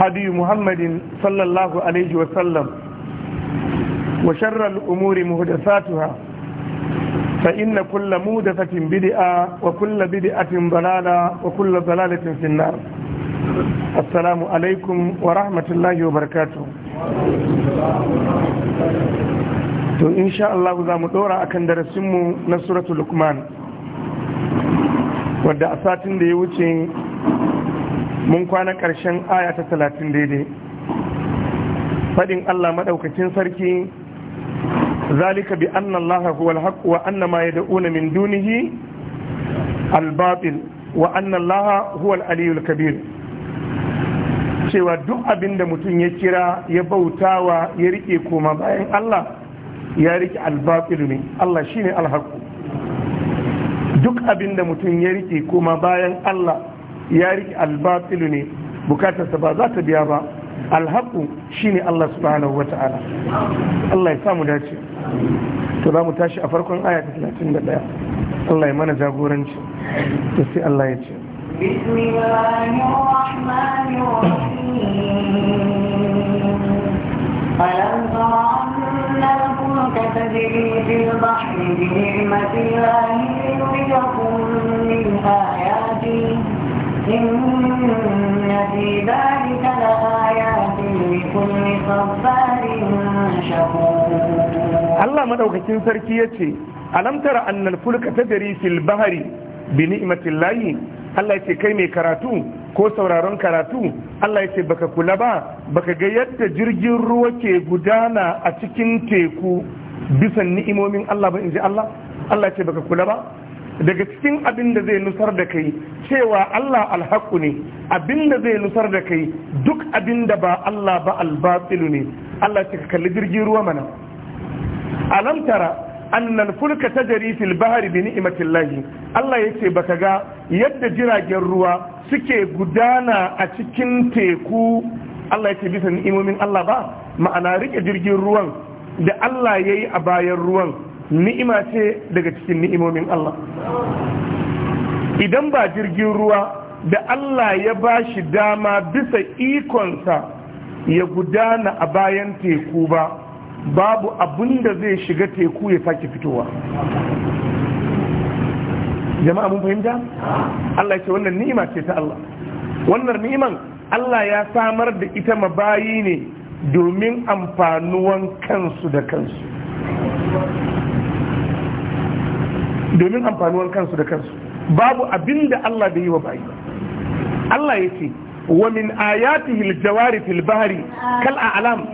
هدي محمد صلى الله عليه وسلم وشر الأمور مهدفاتها فإن كل مودفة بدئة وكل بدئة ضلالة وكل ضلالة في النار السلام عليكم ورحمة الله وبركاته to insha Allah za mu dora akan darasinmu na suratul lukman wadda a satin da ya wuce mun kwana ƙarshen aya ta talatin daidai faɗin allah maɗaukacin sarki zalika bi anna allah huwa alhaq wa anna ma yad'una min dunihi albatil wa anna allah huwa aliyul kabir cewa duk abinda mutum ya kira ya bautawa ya rike koma bayan allah ya rike albatil ne allah shine alhaq duk abinda mutum ya rike koma bayan allah ya riƙe albatilu ne bukatarsa ba za ta biya ba alhaku ne Allah subhanahu wa ta'ala Allah ya samu dace to za mu tashi a farkon aya ta 31 Allah ya mana jagoranci to sai Allah ya ce ألم تر أن الفلك تجري في البحر بنعمة الله ليريكم من آياته allah في sarki yace لكل صبار شكور الله مدوكتين سركيتي alam tara annal fulka tajri fil bahri bi ni'matillahi Allah ya ce kai mai karatu ko sauraron karatu Allah ya ce baka kula ba baka ga yadda jirgin ruwa ke gudana a cikin teku bisa ni'imomin Allah ba inji Allah Allah ya ce baka kula ba daga cikin abin da zai nusar da kai cewa Allah alhaƙu ne abin da zai nusar da kai duk abin da ba Allah ba albatsilu ne Allah ce ka kalli jirgin ruwa mana Alamtara tara annal fulka tajri fil bahri bi ni'matillahi Allah yace baka ga yadda jiragen ruwa suke gudana a cikin teku Allah yace bisa ni'imomin Allah ba ma'ana riƙe jirgin ruwan da Allah yayi a bayan ruwan ni'ima ce daga cikin ni'imomin Allah idan ba jirgin ruwa da Allah ya ba shi dama bisa ikonsa ya gudana a bayan teku ba babu abin da zai shiga teku ya sake fitowa jama'a mun fahimta Allah ce wannan ni'ima ce ta Allah wannan ni'iman Allah ya samar da ita bayi ne domin amfanuwan kansu da kansu domin amfanuwar kansu da kansu babu abin da Allah bai yi wa bayi Allah ya ce wa min ayatihi aljawari fil bahri kal a'lam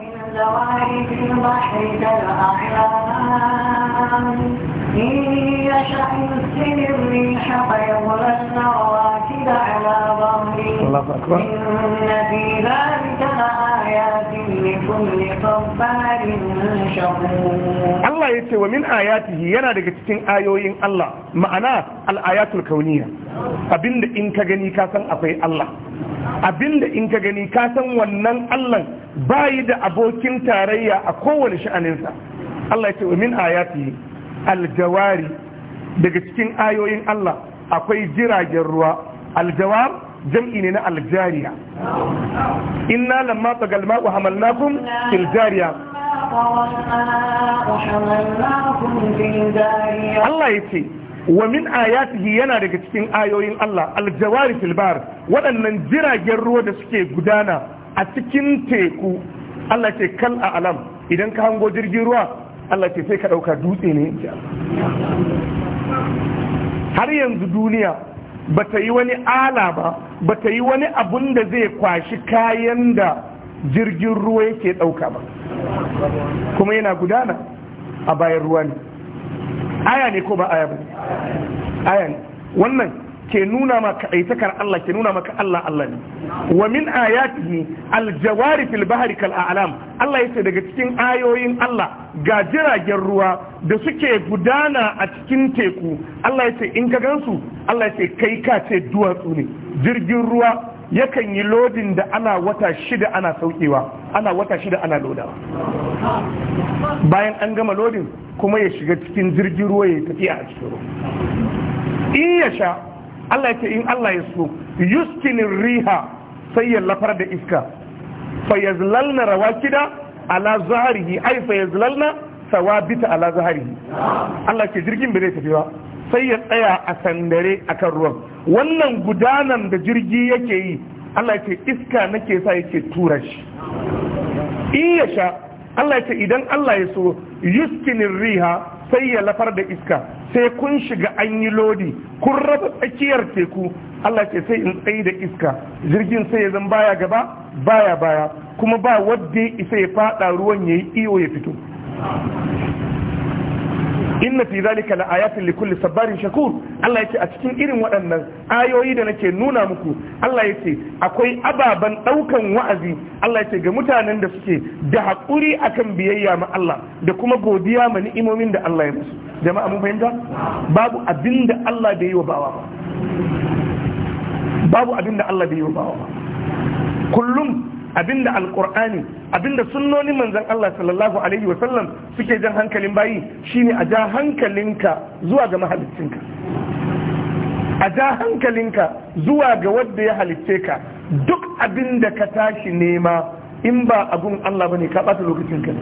Allah ya ce wa min ayatihi yana daga cikin ayoyin Allah ma'ana al'ayatul kauniya abinda in ka gani ka san akwai Allah abinda in ka gani ka san wannan Allah bayi da abokin tarayya a kowane sha'aninsa Allah ya ce wa min ayatihi aljawari daga cikin ayoyin Allah akwai jiragen ruwa aljawar jam'i ne na aljariya inna lamma tagal wa hamalnakum fil jariya Allah ya ce wa min ayatihi yana daga cikin ayoyin Allah aljawari fil bar waɗannan jiragen ruwa da suke gudana a cikin teku Allah ce kal a alam idan ka hango jirgin ruwa Allah ce sai ka ɗauka dutse ne har yanzu duniya ba ta yi wani ala ba ba ta yi wani abun da zai kwashi kayan da jirgin ruwa yake ɗauka ba kuma yana gudana a bayan ruwa ne aya ne ko ba aya ba aya ne wannan ke nuna maka aitakar Allah ke nuna maka Allah Allah ne wa min ayatihi aljawari fil bahri kal a'lam Allah yace daga cikin ayoyin Allah ga jiragen ruwa da suke gudana a cikin teku Allah ya ce in ka gansu Allah ya ce kai ka ce duwatsu ne jirgin ruwa yakan yi lodin da ana wata shida ana saukewa ana wata shida ana lodawa bayan an gama lodin kuma ya shiga cikin jirgin ruwa ya tafiya a cikin in ya sha Allah ya ce in Allah ya so yuskinin riha sai ya lafar da iska fa rawa rawakida ala zaharihi ai fa yazlalna sawabita ala zaharihi Allah ke jirgin bai tafi ba sai ya tsaya a sandare akan ruwan wannan gudanan da jirgi yake yi Allah ke iska nake sa yake tura shi in ya sha Allah ce idan Allah ya so yuskinin riha sai ya lafar da iska sai kun shiga an yi lodi kun raba tsakiyar teku Allah ke sai in tsayi da iska jirgin sai ya zama baya gaba baya baya kuma ba wadda ya isa ya fada ruwan ya yi iyo ya fito inna fi zalika la ayatin li kulli sabarin shakur Allah yake a cikin irin waɗannan ayoyi da nake nuna muku Allah yake akwai ababan daukan wa'azi Allah yake ga mutanen da suke da hakuri akan biyayya ma Allah da kuma godiya ma ni'imomin da Allah ya musu jama'a mun fahimta babu abinda Allah bai yi wa bawa ba babu abinda Allah bai yi wa bawa ba kullum abinda alqur'ani abinda sunnoni manzon Allah sallallahu alaihi wasallam suke jan hankalin bayi shine a ja hankalinka zuwa ga mahaliccinka a ja hankalinka zuwa ga wanda ya halicce ka duk abinda ka tashi nema in ba abun Allah bane ka bata lokacin ka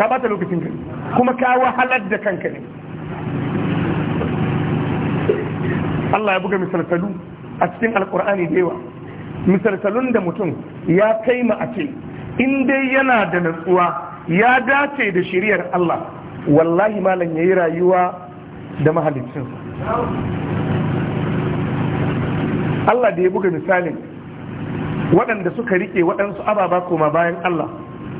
ka bata lokacin ka kuma ka wahalar da kanka ne Allah ya buga misaltalu a cikin alkur'ani da yawa misaltalun da mutum ya kai ma a ce in dai yana da natsuwa ya dace da shiriyar Allah wallahi malam yayi rayuwa da mahaliccinsa Allah da ya buga misalin waɗanda suka riƙe waɗansu ababa koma bayan Allah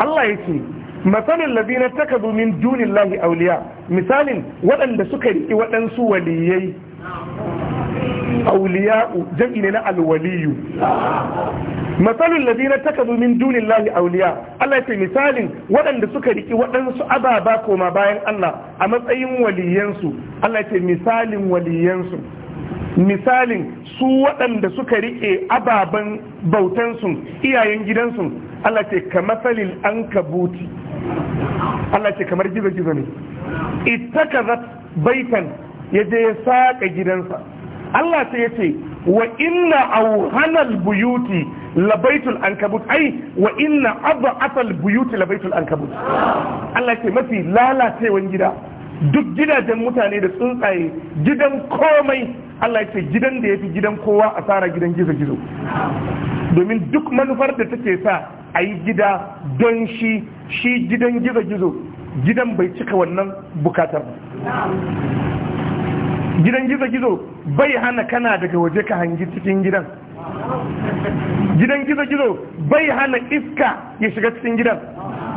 Allah ya ce, Masanin labinar ta kazo min dunin lahi auliya, misalin waɗanda suka riƙi waɗansu waliyai, auliya jam'i ne na alwaliyu. Masanin labinar ta kazo min dunin lahi auliya, Allah misalin waɗanda suka riƙi waɗansu ababa koma bayan Allah a matsayin waliyansu, Allah misalin waliyansu. misalin su waɗanda suka riƙe ababen bautansu iyayen gidansu Allah ce ka masalil an kabuti Allah ce kamar gizo-gizo ne ittakazat baitan ya je ya saƙa gidansa Allah sai ya ce wa inna auhanal buyuti labaitul ankabut ai wa inna abba asal buyuti labaitul ankabut Allah ce mafi lalacewan gida duk gidajen mutane da tsuntsaye gidan komai Allah ya ce gidan da ya fi gidan kowa a tsara gidan gizo gizo domin duk manufar da take sa a yi gida don shi shi gidan gizo gizo gidan bai cika wannan bukatar gidan gizo gizo bai hana kana daga waje ka hangi cikin gidan gidan gizo gizo bai hana iska ya shiga cikin gidan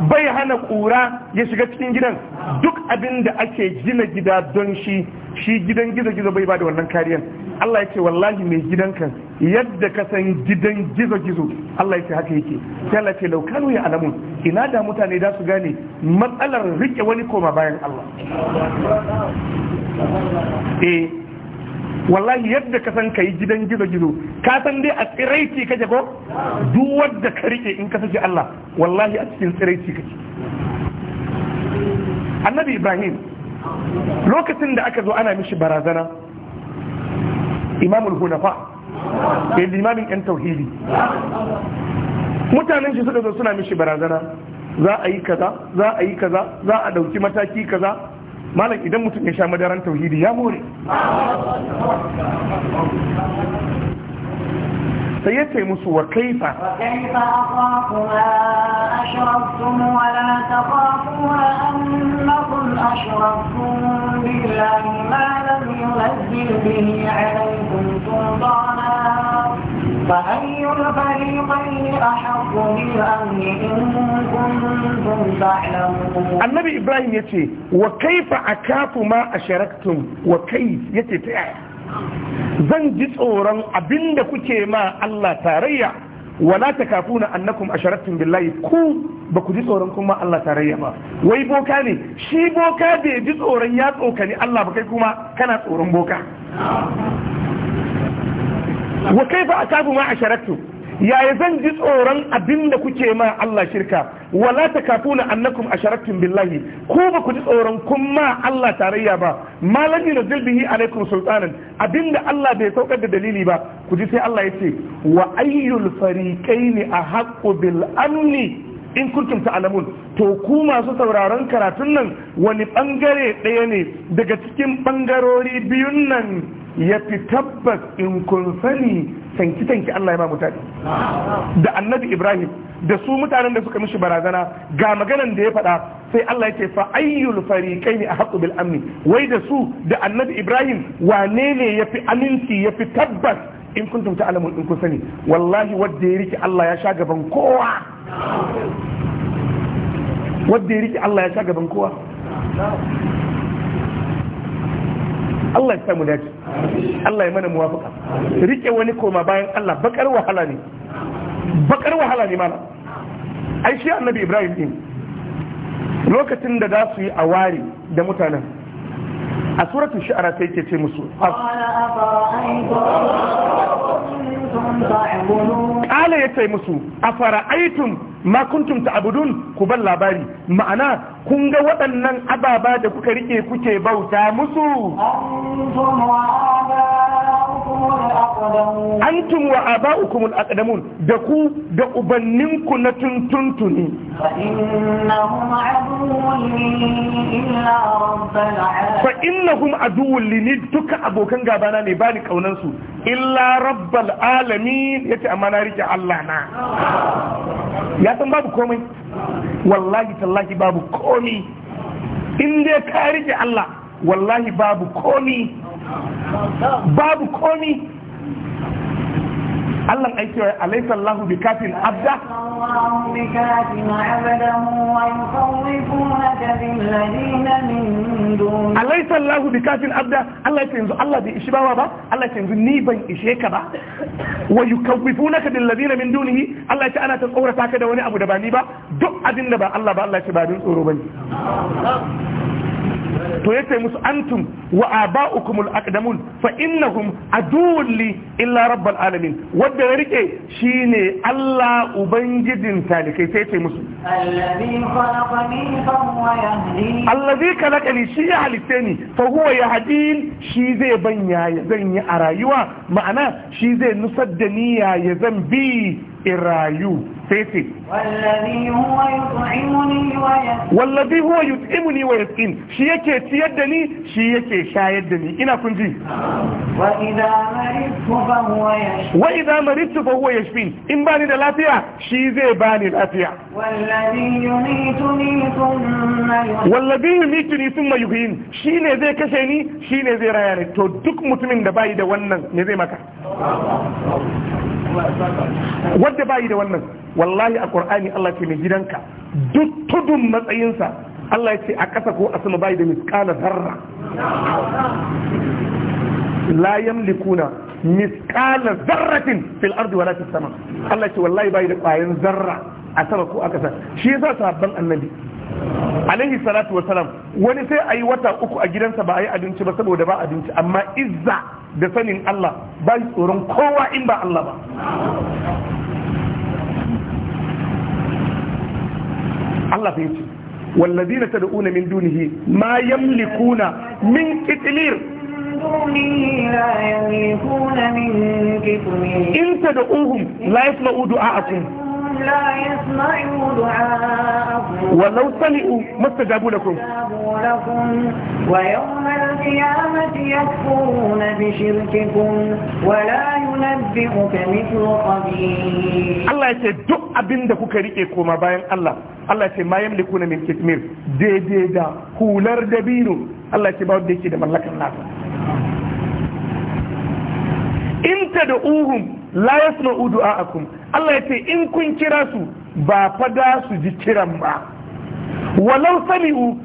bai hana ƙura ya shiga cikin gidan duk abin da ake gina gida don shi shi gidan gizo-gizo bai ba da wannan kariyan Allah ya ce wallahi mai gidan kan yadda ka san gidan gizo-gizo Allah ya ce haka yake sai Allah ce laukanu ya alamun ina da mutane da su gane matsalar rike wani koma bayan Allah eh wallahi yadda ka san kai gidan gizo gizo ka san dai a tsiraici ka ko duk wadda ka rike in ka saki Allah wallahi a cikin tsiraici ci annabi Ibrahim lokacin da aka zo ana mishi barazana imamul hunafa da limamin yan tauhidi mutanen shi suka zo suna mishi barazana za a yi kaza za a yi kaza za a dauki mataki kaza malam idan mutum ya sha madaran tauhidi ya more sai ya ce musu wa kaifa kaifa فأي الفريقين أحق بالأمن إن كنتم تعلمون النبي إبراهيم يتي وكيف أكاف ما أشركتم وكيف يتي تأي zan ji tsoron abinda kuke ma Allah tarayya wala ta kafuna annakum asharattum billahi ku ba ku ji tsoron kuma Allah tarayya ba wai boka ne shi boka bai ji tsoron ya tsokani Allah ba kai kuma kana tsoron boka wa a akafu ma asharaktu yaya zan ji tsoron abinda kuke ma Allah shirka wala kafuna annakum asharaktum billahi ko ba ku ji tsoron kun ma Allah tarayya ba malami na zilbihi alaikum sultanan abinda Allah bai saukar da dalili ba ku ji sai Allah ya ce wa ayyul fariqaini ahaqqu bil amni in kuntum ta'lamun to ku masu sauraron karatun nan wani bangare ɗaya ne daga cikin bangarori biyun nan ya fi tabbas in kun sani tanki-tanki Allah ya ba mutane da annabi Ibrahim da su mutanen da suka mishi barazana ga maganan da ya faɗa sai Allah ya ce fa ayyul fariqaini ahqqu bil amni wai da su da annabi Ibrahim wane ne yafi aminci yafi tabbas in kun tumta alamun in kun sani wallahi wadda ya riki Allah ya sha gaban kowa Wadda ya riki Allah ya sha gaban kowa Allah ya samu dace Allah ya mana muwafaka rike wani koma bayan Allah bakar wahala ne bakar wahala ne mana ai shi annabi Ibrahim din lokacin da za su yi awari da mutanen a suratul shu'ara sai ke ce musu ƙala ya ce musu a fara'aitun ma kuntum abudun ku ban labari ma'ana kun ga waɗannan ababa da kuka rike kuke bauta musu antum wa aba'ukum al-aqdamun da ku da ubanninku na tuntuntuni fa innahum aduwwun li ni duka abokan gabana ne bani kaunan su illa rabbal alamin yace amma na rike Allah na ya san babu komai wallahi tallahi babu komai in dai ka rike Allah wallahi babu komi babu komi Allah ai cewa alaysa Allahu bi kafin abda Allahu bi kafin abdahu wa yukhawwifunaka bil ladina min dun Alaysa Allahu bi kafin abda Allah yake yanzu Allah bai ishi bawa ba Allah yake yanzu ni ban ishe ka ba wa yukhawwifunaka bil ladina min dunihi Allah yake ana ta tsorata ka da wani abu da ba ni ba duk abin da ba Allah ba Allah yake ba din tsoro bane to yace musu antum wa aba'ukumul aqdamun fa innahum aduwwun li illa rabbal alamin wanda ya rike shine Allah ubangijin talikai sai yace musu allazi khalaqani shi ya halitte ni fa huwa yahdin shi zai banya zan yi a rayuwa ma'ana shi zai nusar da niyya ya zan bi in rayu sai ce wallazi huwa yut'imuni wa yasqin shi yake ciyar da ni shi yake shayar da ni ina kun ji wa idza maridtu fa huwa yashfin in bani da lafiya shi zai bani lafiya wallazi yumituni thumma yuhyin shi ne zai kashe ni shi ne zai raya ni to duk mutumin da bai da wannan ne zai maka wadda bayi da wannan wallahi a qur'ani Allah ce mai gidanka duk tudun matsayinsa Allah ya ce a ƙasa ko a sama bayi da misƙala zarra la yamlikuna misqala zarratin fil ardi wala fis sama Allah ce wallahi bai da ƙwayan zarra a sama ko a ƙasa. shi yasa sahabban annabi alaihi salatu wasalam wani sai ayi wata uku a gidansa ba yi abinci ba saboda ba abinci amma izza da sanin Allah ba yi tsoron kowa in ba Allah ba Allah sai ce wallazi na tada'una min dunihi ma yamlikuna min kitilir in tada'uhun la yasma'u du'a akum فإنهم لا يسمعوا دعاءكم ولو سمعوا ما استجابوا لكم ويوم القيامة يكفرون بشرككم ولا ينبئك مثل الله kuka rike koma bayan Allah Allah ce ma yamliku na min kitmir daidai da hular dabino Allah ce ba wanda Inta da mallakan nasa in ta da uhum Allah ya ce in kun kira su ba fada su ji kiran ba walau sami'u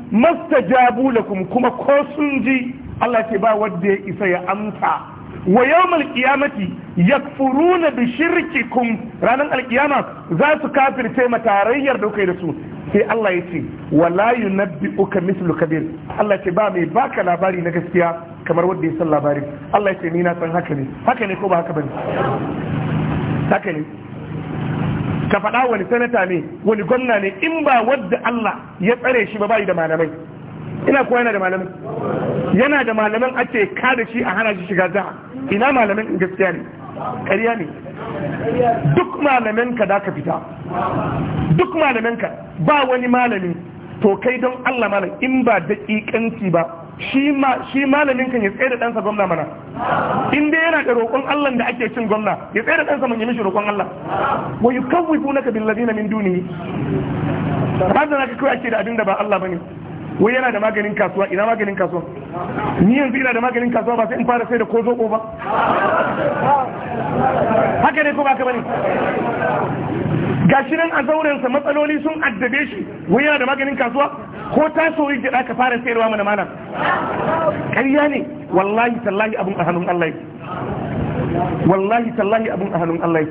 jabu lakum kuma ko sun ji Allah ce ba wadda ya isa ya amsa wa yawmal qiyamati yakfuruna bi shirkikum ranan alkiyama za su kafirce ma tarayyar da kai da su sai Allah ya ce wala yunabbi'uka mislu kabir Allah ce ba mai baka labari na gaskiya kamar wanda ya san labari Allah ya ce ni na san haka ne haka ne ko ba haka bane haka ne ka faɗa wani sanata ne wani gwamna ne in ba wadda Allah ya tsare shi ba bai da malamai ina kuwa yana da malamai. yana da malaman ake kada shi a hana shi shiga jiha ina malamin gaskiya ne ƙarya ne duk malamin ka da ka fita duk malamin ka ba wani malami to kai don Allah malam in ba daƙiƙanci ba shi malamin kan ya tsaye da ɗansa gwamna mana in dai yana da roƙon Allah da ake cin gwamna ya tsaye da ɗansa mun yi mishi roƙon Allah wa naka bil ladina min duni har da naka kawai ake da abin da ba Allah bane wai yana da maganin kasuwa ina maganin kasuwa ni yanzu ina da maganin kasuwa ba sai in fara sai da ko zoko ba haka ne ko ba ka bane gashi nan a zaurensa matsaloli sun addabe shi wai yana da maganin kasuwa ko ta soyi da ka fara sayarwa mana mana ƙarya ne wallahi tallahi abun a hannun Allah wallahi tallahi abun a hannun Allah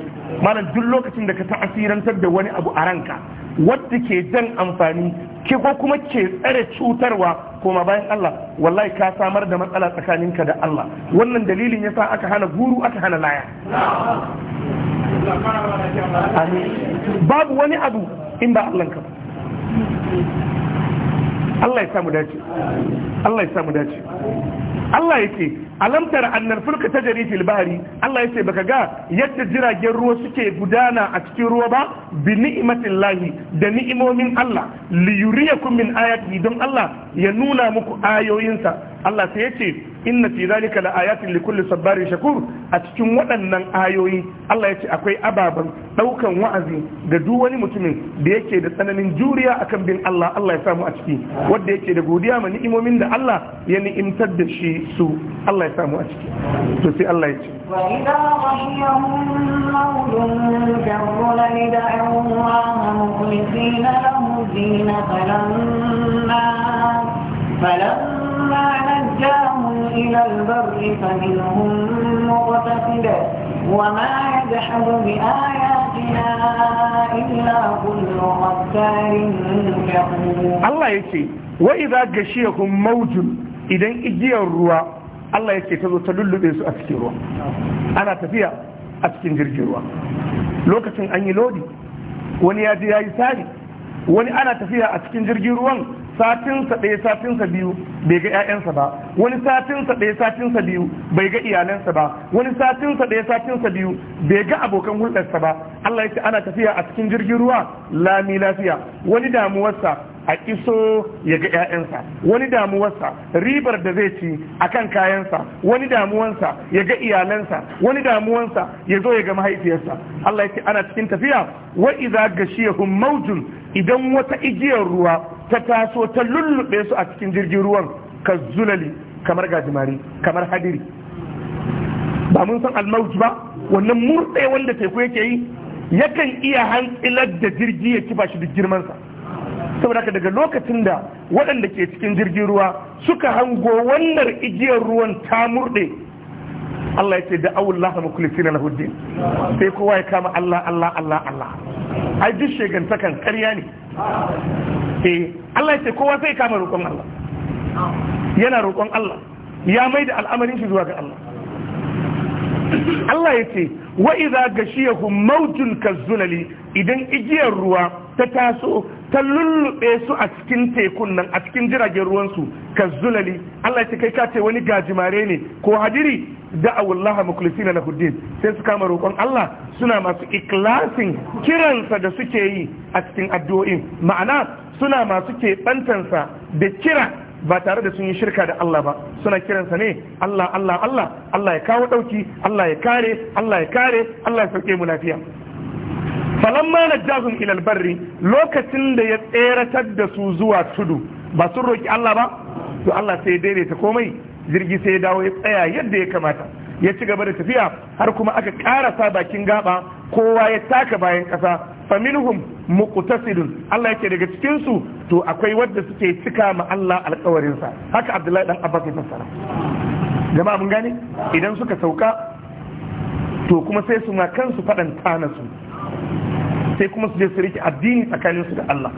malam duk lokacin da ka ta'asirantar da wani abu a ranka wadda ke jan amfani ke ko kuma ke tsare cutarwa koma bayan Allah wallahi ka samar da matsala tsakaninka da Allah wannan dalilin yasa aka hana guru aka hana laya babu wani abu in ba Allah ka ba Allah ya samu dace Allah ya samu dace Allah ya ce alamtar annar fulka ta fil bahri Allah ya baka ga yadda jiragen ruwa suke gudana a cikin ruwa ba bi ni'matin lahi da ni'imomin Allah li yuriyakum min ayati don Allah ya nuna muku ayoyinsa Allah sai yace inna fi zalika li kulli sabbarin shakur a cikin waɗannan ayoyi Allah ya ce akwai ababan ɗaukan wa'azi ga duk wani mutumin da yake da tsananin juriya akan bin Allah Allah ya samu a ciki wanda yake da godiya ma ni'imomin da Allah ya ni'imtar da shi su Allah ya samu a ciki to sai Allah ya ce فلما أرجاه إلى البر فمنهم مقتصد وما يجحد بآياتنا إلا كل ختار كفور الله يتي وإذا غشيهم موج إذا إجي الروا الله يتي تذو تلل بيسو أتكيروا أنا تفيا أتكين جرجروا لوكتن أني لودي wani ya ji ya yi tsari wani ana tafiya a cikin jirgin ruwan satinsa ɗaya satinsa biyu bai ga 'ya'yansa ba wani satinsa ɗaya satinsa biyu bai ga iyalansa ba wani satinsa ɗaya satinsa biyu bai ga abokan hulɗarsa ba Allah ya ce ana tafiya a cikin jirgin ruwa lami lafiya wani damuwarsa a iso ya ga 'ya'yansa wani damuwarsa ribar da zai ci a kan kayansa wani damuwansa ya ga iyalansa wani damuwansa ya zo ya ga mahaifiyarsa Allah ya ce ana cikin tafiya wa iza gashiyahum mawjun idan wata igiyar ruwa ta taso ta lullube su a cikin jirgin ruwan ka zulali kamar gajimari kamar hadiri ba mun san almauti ba wannan murɗe wanda teku yake yi yakan iya hantsilar da jirgi ya kifa shi da girmansa saboda haka daga lokacin da waɗanda ke cikin jirgin ruwa suka hango wannan igiyar ruwan ta murɗe Allah ya ce da awul laha mukulisina na hudu. sai kowa ya kama Allah Allah Allah Allah ai duk shegantakan ƙarya ne Eh, Allah Allah ce kowa sai kama roƙon Allah yana roƙon Allah ya mai da al'amarin shi zuwa ga Allah Allah ya ce wa iza gashiyahum mautun kazzulali idan igiyar ruwa ta taso ta lullube su a cikin tekun nan a cikin jiragen ruwansu kazzulali Allah ya ce kai ka ce wani gajimare ne ko hadiri da'awu Allah mukhlisina lahu din sai su kama roƙon Allah suna masu iklasin kiransa da suke yi a cikin addu'o'in ma'ana suna masu ke bantansa da kira ba tare da sun yi shirka da Allah ba suna kiransa ne Allah Allah Allah Allah ya kawo ɗauki Allah ya kare Allah ya kare Allah ya sauke mu lafiya falamma najjahum ila albarri lokacin da ya tseratar da su zuwa tudu ba sun roki Allah ba to Allah sai ya daidaita komai jirgi sai ya dawo ya tsaya yadda ya kamata ya ci gaba da tafiya har kuma aka karasa bakin gaba kowa ya taka bayan kasa faminuhum muqtasidun Allah yake daga cikin su to akwai wanda suke cika ma Allah alƙawarin sa haka Abdullahi dan Abbas ya fassara jama'a mun gane idan suka sauka to kuma sai su ma kansu fadan tana su sai kuma su je su riki addini tsakanin su da Allah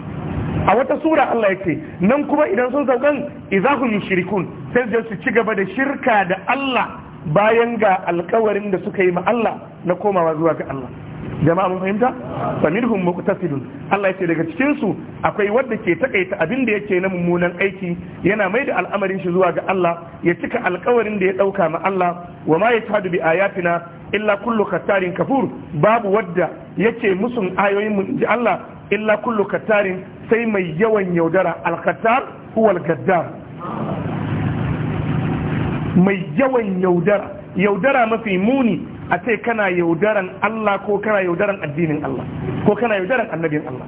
a wata sura Allah yake nan kuma idan sun saukan idza hum yushrikun sai su ci gaba da shirka da Allah bayan ga alkawarin da suka yi ma Allah na komawa zuwa ga Allah jama'a mun fahimta fa minhum muqtasidun Allah yace daga cikin su akwai wanda ke takaita abin da yake na mummunan aiki yana mai da al'amarin shi zuwa ga Allah ya cika alkawarin da ya dauka ma Allah wa ma yatadu bi ayatina illa kullu khattarin kafur babu wadda yake musun ayoyin mu ji Allah illa kullu khattarin sai mai yawan yaudara al-khattar gaddar mai yawan yaudara yaudara mafi muni a ce kana yaudaran Allah ko kana yaudaran addinin Allah ko kana yaudaran annabin Allah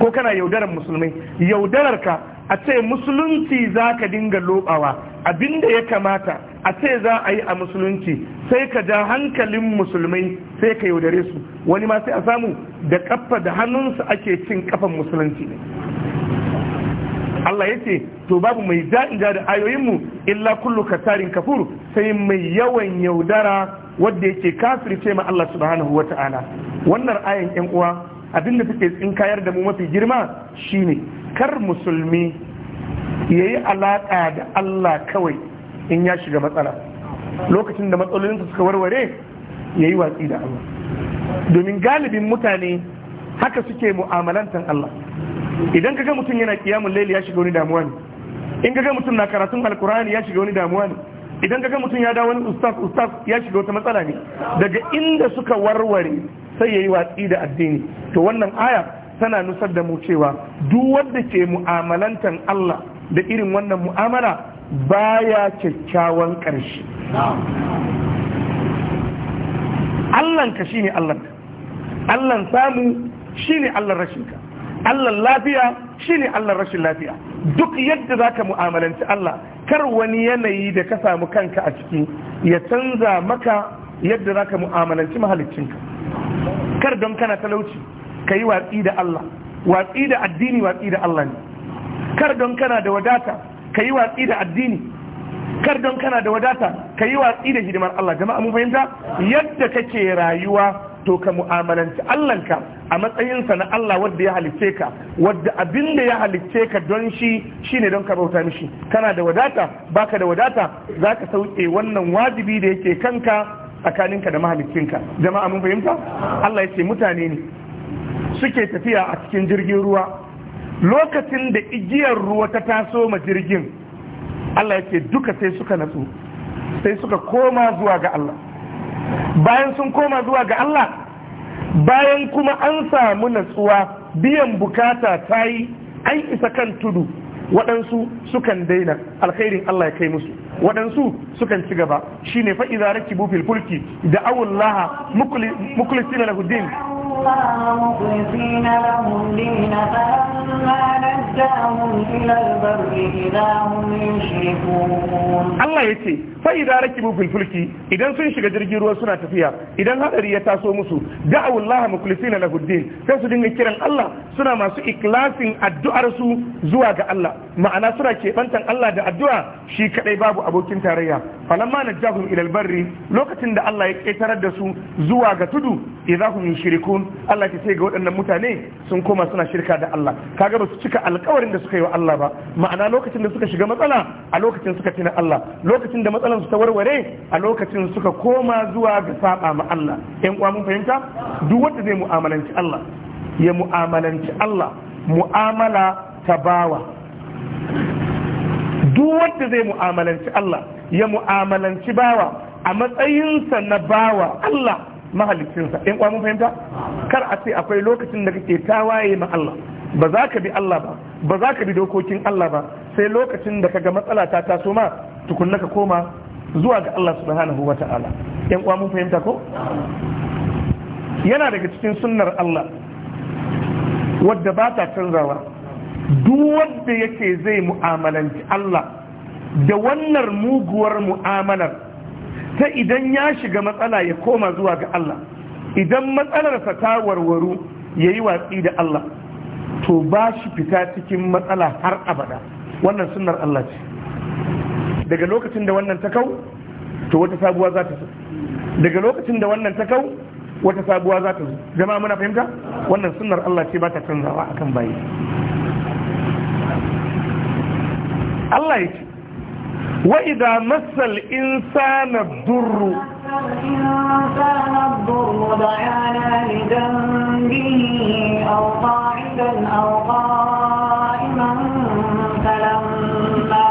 ko kana yaudaran musulmai yaudarar ka a ce musulunci za ka dinga lobawa abinda ya kamata a ce za a yi a musulunci sai ka ja hankalin musulmai sai ka yaudare su wani ma sai a samu da kafa da hannunsu ake cin kafan musulunci ne Allah ya ce to babu mai daɗin da ayoyinmu illa kullu katarin kafur sai mai yawan yaudara wadda yake kafirce ma Allah subhanahu wata'ala wannan ayan yan uwa abin da tsin kayar da mu mafi girma shine kar musulmi yayi alaƙa da Allah kawai in ya shiga matsala lokacin da matsalolin suka warware yayi watsi da Allah domin galibin mutane haka suke mu'amalantan Allah idan kaga mutum yana kiyamun laili ya shiga wani damuwa ne in kaga mutum na karatun alkurani ya shiga wani damuwa ne idan kaga mutum ya dawo wani ustaz ustaz ya shiga wata matsala ne daga inda suka warware sai yayi watsi da addini to wannan aya tana nusar da mu cewa duk wanda ke mu'amalantan Allah da irin wannan mu'amala baya kyakkyawan karshe ka shine Allah Allahn samu shine Allah rashinka Allah lafiya shine Allah rashin lafiya duk yadda zaka mu'amalanci Allah kar wani yanayi da ka samu kanka a ciki ya canza maka yadda zaka mu'amalanci mahaliccinka kar don kana talauci ka yi watsi da Allah watsi da addini watsi da Allah ne kar don kana da wadata ka yi watsi da addini kar don kana da wadata ka yi watsi da hidimar Allah jama'a mun fahimta yadda kake rayuwa to ka mu'amalanci Allahnka a matsayinsa na Allah wadda ya halicce ka wadda abin da ya halicce ka don shi shine don ka bauta mishi kana da wadata baka da wadata zaka sauke wannan wajibi da yake kanka tsakaninka da mahaliccinka jama'a mun fahimta Allah ya ce mutane ne suke tafiya a cikin jirgin ruwa lokacin da igiyar ruwa ta taso ma jirgin Allah ya ce duka sai suka natsu sai suka koma zuwa ga Allah bayan sun koma zuwa ga Allah bayan kuma an samu natsuwa biyan bukata ta yi an isa kan tudu waɗansu sukan daina alkhairin Allah ya kai musu waɗansu sukan ci gaba shine fa idza raki bufil fulki da awon laha mukulisti na مخلصين Allah ya ce fai إلى البر إذا هم يشركون الله يتي jirgin ruwa suna tafiya idan hadari ya taso musu da'awu Allah mukulisti na din sai su dinga kiran Allah suna masu ikilasin addu'ar su zuwa ga Allah ma'ana suna keɓantar Allah da addu'a shi kadai babu abokin tarayya falamma najahum ilal barri lokacin da Allah ya ƙetarar da su zuwa ga tudu idahum yushrikun Allah ke sai ga waɗannan mutane sun koma suna shirka da Allah kaga ba su cika alƙawarin da suka yi wa Allah ba ma'ana lokacin da suka shiga matsala a lokacin suka tina Allah lokacin da matsalan su ta warware a lokacin suka koma zuwa ga saba ma Allah ɗan uwa mun fahimta duk wanda zai mu'amalanci Allah ya mu'amalanci Allah mu'amala ta bawa duk wanda zai mu'amalanci Allah ya mu'amalanci bawa a matsayinsa na bawa Allah mahalicinsa in kwamun fahimta kar a ce akwai lokacin da kake tawaye ma Allah ba za ka bi Allah ba ba za ka bi dokokin Allah ba sai lokacin da kaga matsala ta taso ma tukunna ka koma zuwa ga Allah subhanahu wata'ala in mun fahimta ko yana daga cikin sunnar Allah wadda ba ta canzawa duk wanda yake zai mu'amalanci Allah da wannan muguwar mu'amalar ta idan ya shiga matsala ya koma zuwa ga Allah idan matsalarsa ta warwaru ya yi watsi da Allah to ba shi fita cikin matsala har abada wannan sunnar Allah ce daga lokacin da wannan ta kau to wata sabuwa za ta daga lokacin da wannan ta kau wata sabuwa za ta zo muna fahimta wannan sunnar Allah ce ba ta canzawa akan bayi الله ya وإذا مس idza massal insana durru الإنسان الضر دعانا لذنبه أو قاعدا أو قائما فلما,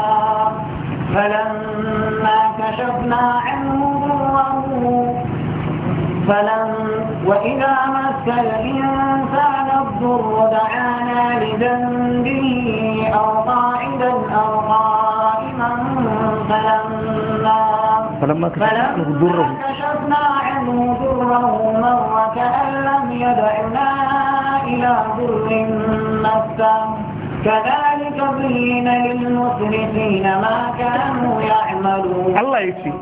فلما كشفنا عنه ضره فلما وإذا مس الإنسان الضر دعانا لذنبه أو قاعدا أو قائما فلما فلما كشفنا عنه ضره كشفنا عنه ضره مر كأن لم يدعنا إلى ضر نفسه كذلك زين للمسرفين ما كانوا يعملون الله يكفي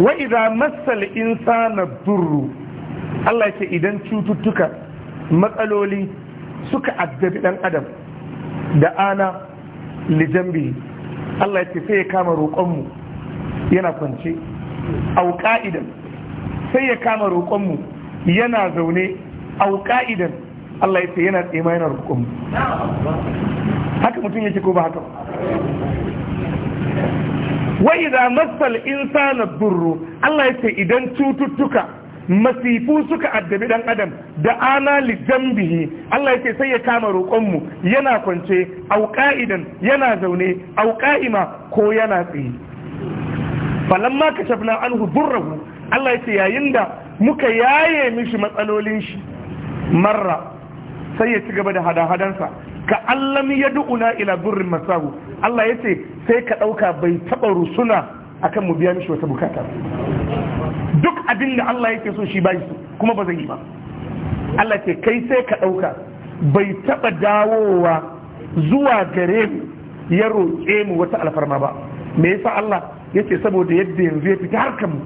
وإذا مس الإنسان الضر Allah ce idan cututtuka matsaloli suka addabi ɗan adam da ana lijambi Allah ya ce sai ya kama roƙonmu yana kwance au ka'idan sai ya kama roƙonmu yana zaune au ka'idan Allah ya ce yana tsima yana roƙonmu haka mutum yake ko ba haka wa idza masal insana burro, Allah ya ce idan cututtuka masifu suka addabi dan adam da ana lijambihi Allah yake sai ya kama roƙonmu yana kwance au qa'idan yana zaune au qa'ima ko yana tsaye falamma kashafna anhu durrahu Allah yake yayin da muka yaye mishi matsalolin shi marra sai ya ci gaba da hada-hadansa ka allam ya du'una ila burrin masahu Allah yace sai ka ɗauka bai taɓa rusuna akan mu biya mishi wata bukata duk abin da Allah yake so shi bai kuma ba zai yi ba Allah ce kai sai ka ɗauka bai taɓa dawowa zuwa gare mu ya roƙe mu wata alfarma ba me yasa Allah yake saboda yadda yanzu ya fita harkar mu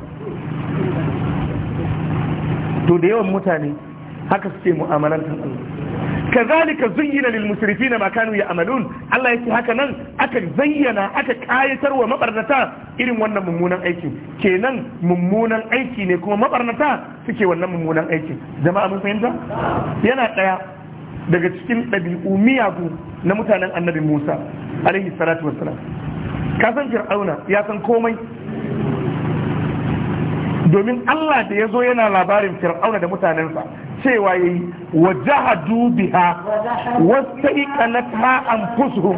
to da yawan mutane haka suke mu'amalantar Allah kazalika zuyyina lil musrifina ma kanu ya'malun Allah yake haka nan aka zayyana aka kayatar wa mabarnata irin wannan mummunan aiki kenan mummunan aiki ne kuma mabarnata suke wannan mummunan aiki jama'a mun fahimta yana daya daga cikin ɗabi'u miyagu na mutanen annabi Musa alaihi salatu wassalam ka san fir'auna ya san komai domin Allah da ya zo yana labarin fir'auna da mutanensa cewa yayi wa jahadu biha wastaiqanatha anfusuhum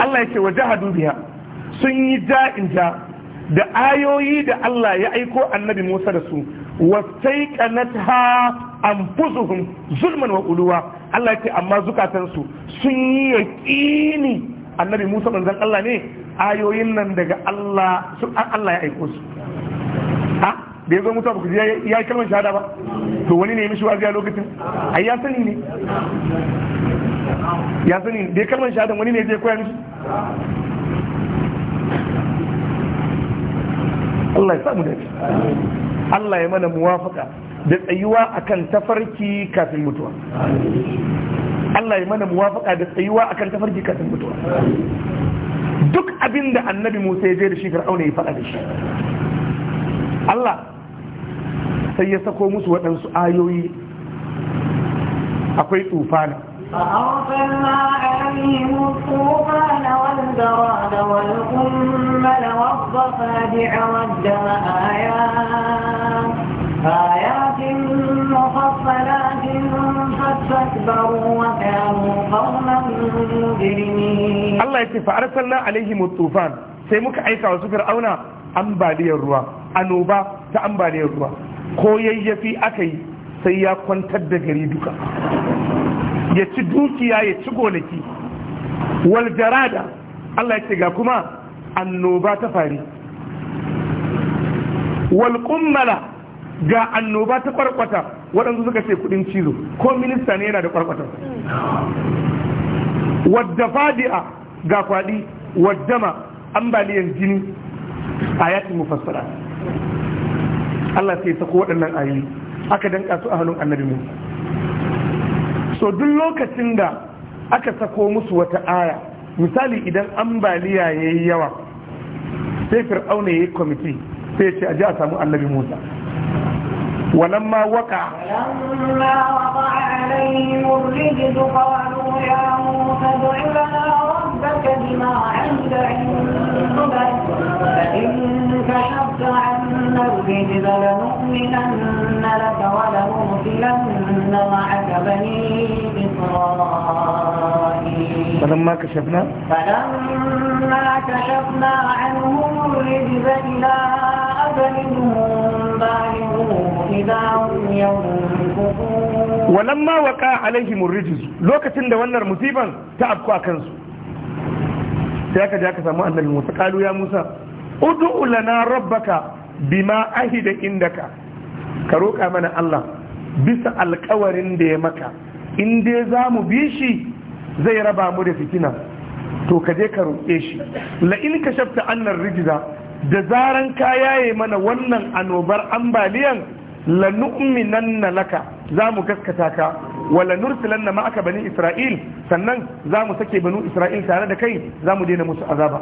Allah ya ce wa jahadu biha sun yi ja'inta da ayoyi da Allah ya aiko annabi Musa da su wastaiqanatha anfusuhum zulman wa uluwa Allah ce amma zukatansu sun yi yaqini annabi musa manzan Allah ne ayoyin nan daga Allah su Allah ya aiko su ha da ya zo Musa ba ku ya kalmar shahada ba to wani ne mishi wazi lokacin ai ya sani ne ya sani da ya kalmar shahada wani ne ya je koya mishi Allah ya samu dace Allah ya mana muwafaka da tsayuwa akan tafarki kafin mutuwa Allah ya mana muwafaka da tsayuwa akan tafarki kafin mutuwa duk abin da annabi Musa ya je da shi Fir'auna ya faɗa da shi Allah sai ya sako musu waɗansu ayoyi akwai tsufana فأرسلنا عليهم الطوفان والجراد والقمل والضفادع والدم آيات آيات Allah ya ce fa arsalna alaihim tufan sai muka aika wa su fir'auna ambaliyar ruwa anoba ta ambaliyar ruwa ko yayyafi akai sai ya kwantar da gari duka ya ci dukiya ya ci gonaki wal jarada Allah ya ce ga kuma annoba ta fari wal kummala ga annoba ta kwarkwata waɗansu suka ce kudin cizo ko minista ne yana da kwarkwata wadda fadi'a ga kwaɗi wadda ma ambaliyan jini a yakin mufassara Allah sai sako waɗannan ayi aka danka su a hannun annabi mu so duk lokacin da aka sako musu wata aya misali idan ambaliya yayi yawa sai fir'auna ya yi kwamiti sai ya ce a ji a samu annabi Musa ولما وقع ولما وقع عليهم الرجز قالوا يا موسى ادع لنا ربك بما عند عندنا فإن كشفت عنا الرجز لنؤمنن لك ولنرسلن معك بني إسرائيل فلما كشفنا فلما كشفنا عنهم الرجز إلى أجل ولما وقع عليهم الرجز لوكتين da wannan musiban ta afku a kansu sai aka je aka samu annabi Musa kalu ya Musa ud'u lana rabbaka bima ahida indaka ka roƙa mana Allah bisa alƙawarin da ya maka in dai za mu bi shi zai raba mu da fitina to ka je ka roƙe shi la in ka shafta annan rijiza da zaran ka yaye mana wannan anobar ambaliyan la nu'minanna laka za mu gaskata ka wala nursilan na ma'aka bani isra'il sannan za mu sake banu isra'il tare da kai za mu daina musu azaba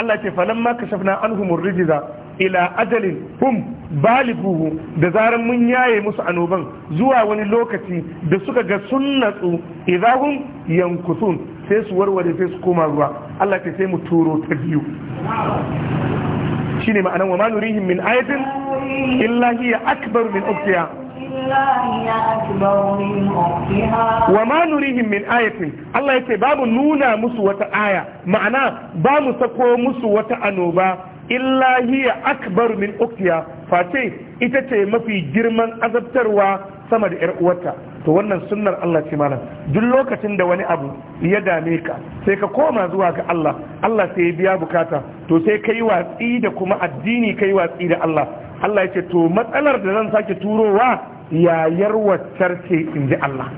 Allah ce falamma kashafna anhumur rijiza ila ajalin hum baliguhu da zarar mun yaye musu anoban zuwa wani lokaci da suka ga sun natsu idahum yankusun sai su warware sai su koma ruwa Allah ta sai mu turo ta biyu shine ma'anan wa ma nurihim min ayatin illa hiya akbar min ukhtiha wa ma nurihim min ayatin Allah ya yace babu nuna musu wata aya ma'ana ba mu sako musu wata anoba illa hiya akbar min uktiya face ita ce mafi girman azabtarwa sama da 'yar uwarta to wannan sunnar Allah ce malam duk lokacin da wani abu ya dame ka sai ka koma zuwa ga Allah Allah sai ya biya bukata to sai kai watsi da kuma addini kai watsi da Allah Allah ya ce to matsalar da zan sake turowa yayar waccar ce in ji Allah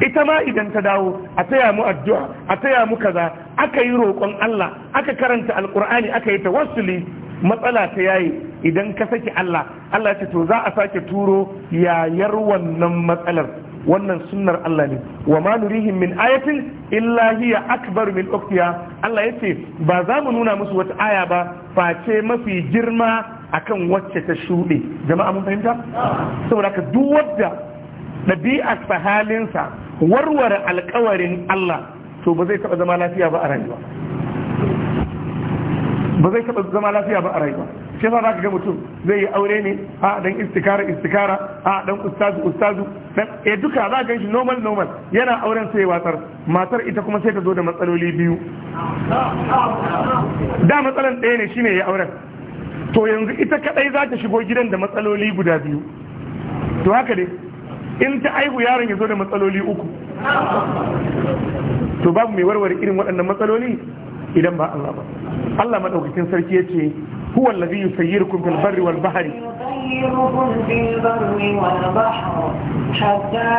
ita ma idan ta dawo a taya mu addu'a a taya mu kaza aka yi roƙon Allah aka karanta alƙur'ani aka yi tawassuli matsala ta yayi idan ka saki Allah Allah ce to za a sake turo yayar wannan matsalar wannan sunnar Allah ne wa ma nurihim min ayatin illa hiya akbar min ukhtiha Allah yace ba za mu nuna musu wata aya ba face mafi girma akan wacce ta shuɗe jama'a mun fahimta saboda ka duk wadda ɗabi'ar halinsa warware alkawarin Allah to ba zai taɓa zama lafiya ba a rayuwa ba zai taɓa zama lafiya ba a rayuwa shi yasa zaka ga mutum zai yi aure ne a dan istikara istikara a dan ustazu ustazu dan eh duka za ga shi normal normal yana auren sai watsar matar ita kuma sai ta zo da matsaloli biyu da matsalan ɗaya ne shine ya auren to yanzu ita kadai za ta shigo gidan da matsaloli guda biyu to haka dai in ta aihu yaron ya zo da matsaloli uku to babu mai warware irin waɗannan matsaloli idan ba Allah ba Allah madaukakin sarki ya yace huwa allazi yusayyirukum fil barri wal bahri يسيركم في البر والبحر حتى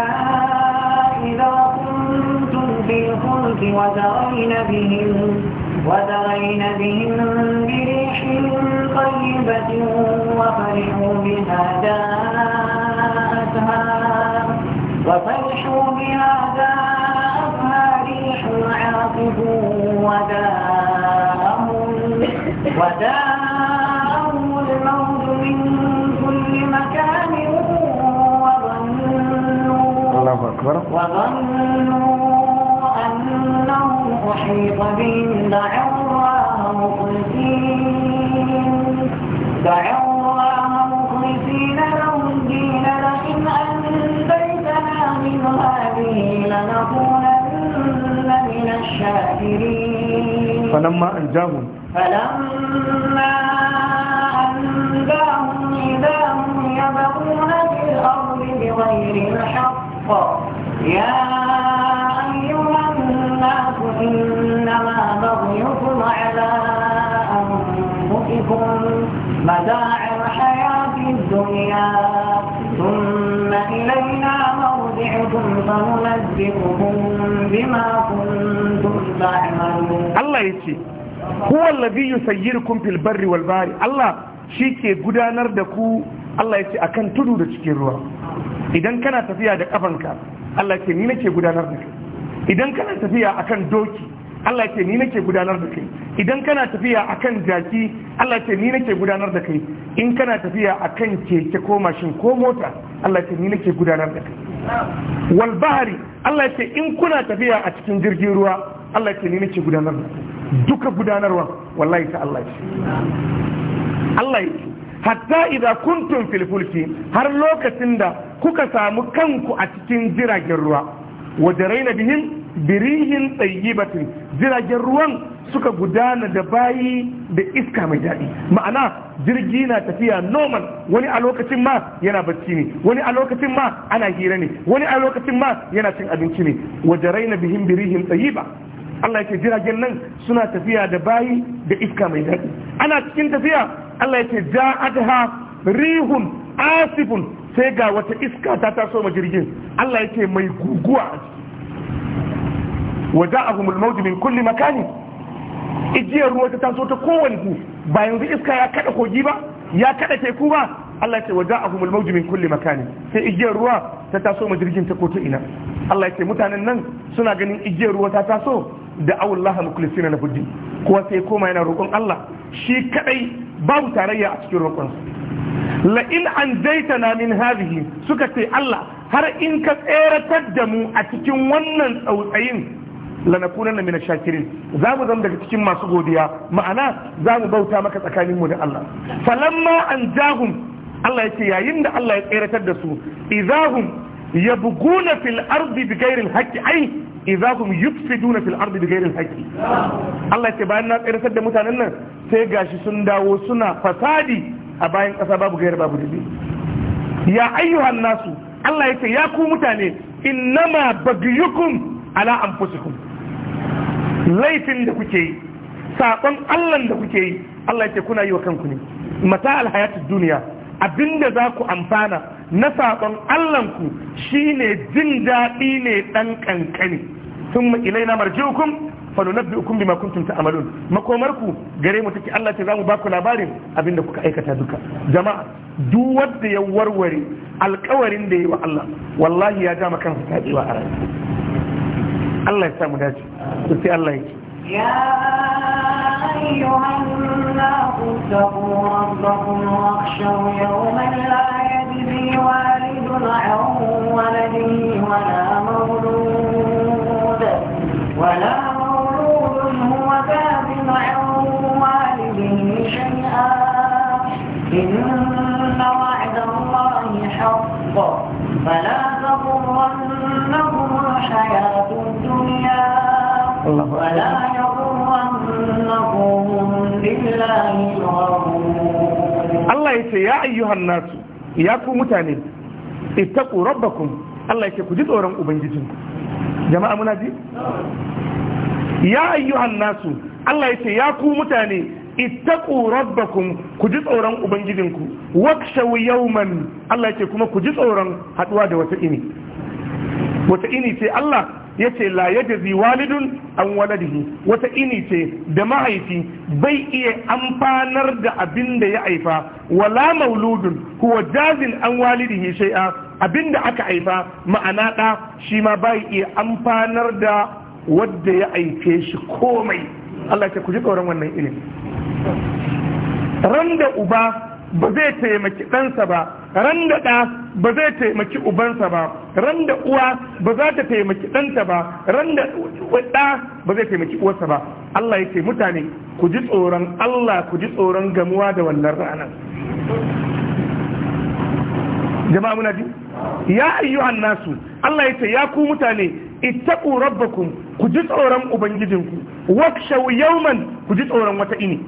إذا كنتم في الفلك وترين بهم وذرين بهم بريح طيبة وفرحوا بها جاءتها وفرحوا بها جاءتها ريح عاقب وداءهم وداءهم الموت من كل مكان وظنوا وظنوا أحيط بهم دعوا الله مخلصين دعوا الله مخلصين له الدين لئن أنجيتنا من هذه لنكونن من الشاكرين فلما أنجاهم فلما أنجاهم إذا هم يبغون في الأرض بغير الحق يا بما كنتم تعملون الله يتي هو الذي يسيركم في البر والبحر gudanar شيكي غدانر دكو الله akan tudu da cikin ruwa idan kana tafiya da kafanka Allah yake ni nake gudanar da kai idan kana tafiya akan doki Allah yake ni nake gudanar da kai idan kana tafiya akan jaki Allah yake ni nake gudanar da kai in kana tafiya akan keke ko mashin ko mota Allah yake ni nake gudanar da kai Walbahari, Allah Allah ce in kuna tafiya a cikin jirgin ruwa Allah ce ni nake gudanar duka gudanarwa wallahi ta Allah ce Allah ya ce hatta idza kuntum fil fulki har lokacin da kuka samu kanku a cikin jiragen ruwa wajaraina bihim birihin tsayyibatin jiragen ruwan suka gudana da bayi da iska mai daɗi ma'ana jirgi na tafiya normal wani a lokacin ma yana bacci ne wani a lokacin ma ana hira ne wani a lokacin ma yana cin abinci ne wajen raina bihin birihin tsayiba Allah ya ce jiragen nan suna tafiya da bayi da iska mai daɗi ana cikin tafiya Allah ya ce ja'adha rihun asifun sai ga wata iska ta taso ma jirgin Allah ya ce mai guguwa a ciki wa ja'ahum al-mawt min kulli makani igiyar ruwa ta taso ta kowani ku ba yanzu iska ya kada kogi ba ya kada teku ba Allah ya ce wa ja'ahum al-mawt min kulli makani sai igiyar ruwa ta taso ma jirgin ta kota ina Allah ya ce mutanen nan suna ganin igiyar ruwa ta taso da awullaha mukhlisina na buddi kuwa sai koma yana roƙon Allah shi kadai babu tarayya a cikin roƙonsa la in na min hadhihi suka ce Allah har in ka tseratar da mu a cikin wannan tsautsayin lanakunan min shakirin za mu zama daga cikin masu godiya ma'ana za mu bauta maka tsakanin mu da Allah falamma an jahum Allah yake yayin da Allah ya tseratar da su idahum bugu fil ardi bighairi haqqi ai idahum yufsiduna fil ardi bighairi haqqi Allah yake bayan na tseratar da mutanen nan sai gashi sun dawo suna fasadi a bayan kasa babu gairi babu dalili ya ayyuhan nasu Allah yake ya ku mutane innama bagyukum ala anfusikum laifin da kuke yi saƙon Allah da kuke yi Allah yake kuna yi wa kanku ne mata alhayatu duniya abinda za ku amfana na saƙon allanku shine jin daɗi ne ɗan ƙanƙani Fano na biyu fanunabbi'ukum bima ta ta'malun makomarku gare mu take Allah ce zamu baku labarin abinda kuka aikata duka jama'a duk wanda ya warware alƙawarin da yi wa Allah wallahi ya ja kansa tabiwa a rayuwa Allah ya samu dace to sai Allah ya ce ya ayyuhan nasu tabu rabbakum wakhshaw yawman la yajzi walidun 'an waladihi wala mawlud wala mawlud huwa kadhin 'an walidihi shay'a إن وعد الله حق فلا تغرنهم الحياة الدنيا ولا يغرنكم بالله Allah ya ce ya ayyuhan nasu ya ku mutane Allah ya ce ku ji tsoron ubangijinku jama'a muna ji ya Allah ya ce ya ku mutane ittaqu rabbakum ku ji tsoron ubangijinku Allah ya kuma ku tsoron haduwa da wata ini ini ce Allah ya ce la ya jazi walidun an waladihi wata ini ce da mahaifi bai iya amfanar da abin da ya haifa wala mauludun huwa jazin an walidihi shai'a abin da aka haifa ma'ana ɗa shi ma bai iya amfanar da wadda ya haife shi komai Allah ya ku ji tsoron wannan ilimi ran da uba ba zai taimaki ɗansa ba ran da ɗa ba zai taimaki ubansa ba ran da uwa ba za ta taimaki ɗanta ba ran da ɗa ba zai taimaki uwarsa ba Allah ya ce mutane ku ji tsoron Allah ku ji tsoron gamuwa da wannan ranar jama'a muna ji ya ayyuhan nasu Allah ya ce ya ku mutane ittaqu rabbakum ku ji tsoron ubangijinku wakshaw yawman ku ji tsoron wata ini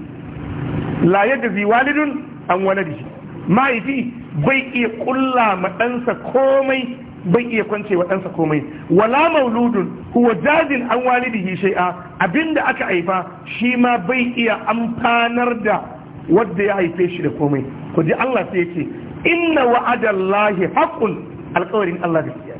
la yajzi walidun an waladihi mahaifi bai iya kulla ma ɗansa komai bai iya kwance wa ɗansa komai wala mauludun huwa jazin an walidihi shay'a abinda aka haifa shi ma bai iya amfanar da wadda ya haife shi da komai ku ji Allah sai yace inna wa'adallahi haqqun alƙawarin Allah gaskiya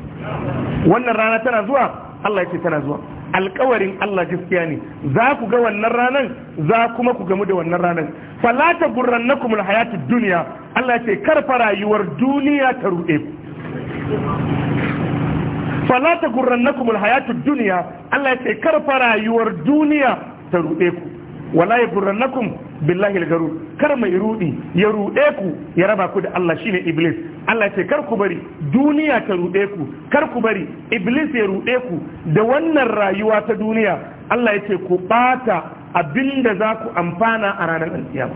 wannan rana tana zuwa Allah yace tana zuwa alkawarin Allah gaskiya ne za ku ga wannan ranan za kuma ku gamu da wannan ranan fala ta gurrannakum alhayatud dunya Allah ce karfa rayuwar duniya ta ruɗe ku fala ta gurrannakum hayatu duniya. Allah ce karfa rayuwar duniya ta ruɗe ku wala ya gurrannakum billahi garu kar mai ruɗi ya ruɗe ku ya raba ku da Allah shine iblis Allah ce kar ku bari duniya ta ruɗe ku kar ku bari iblis ya ruɗe ku da wannan rayuwa ta duniya Allah ya ce ku bata abinda za ku amfana a ranar alkiyama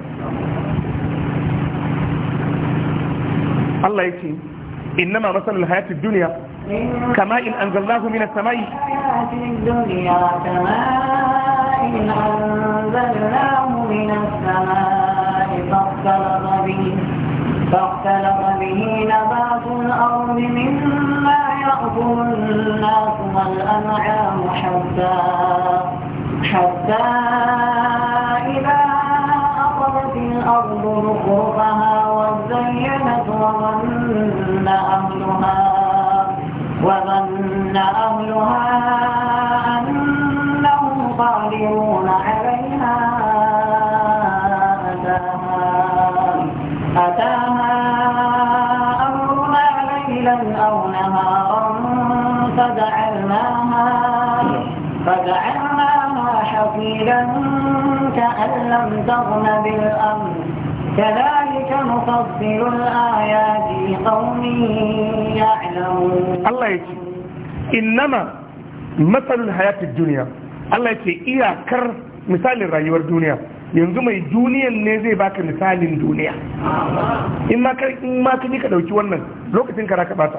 Allah ya ce innama masalul hayati duniya kama in anzalnahu min as-samai فاختلط به نبات الأرض مما يأكل الناس والأنعام حتى حتى إذا أخذت الأرض رقوقها زينت وظن أهلها وظن أهلها أنهم قادرون عليها أتاها أتاها أمرنا ليلا أو نهارا فجعلناها فجعلناها حفيدا كأن لم تغن بالأمر كذلك نفصل الآيات لقوم يعلمون الله يجي إنما مثل الحياة الدنيا Allah ce iyakar misalin rayuwar duniya yanzu mai duniyan ne zai baka misalin duniya in ma in ma ka ɗauki wannan lokacin ka raka bata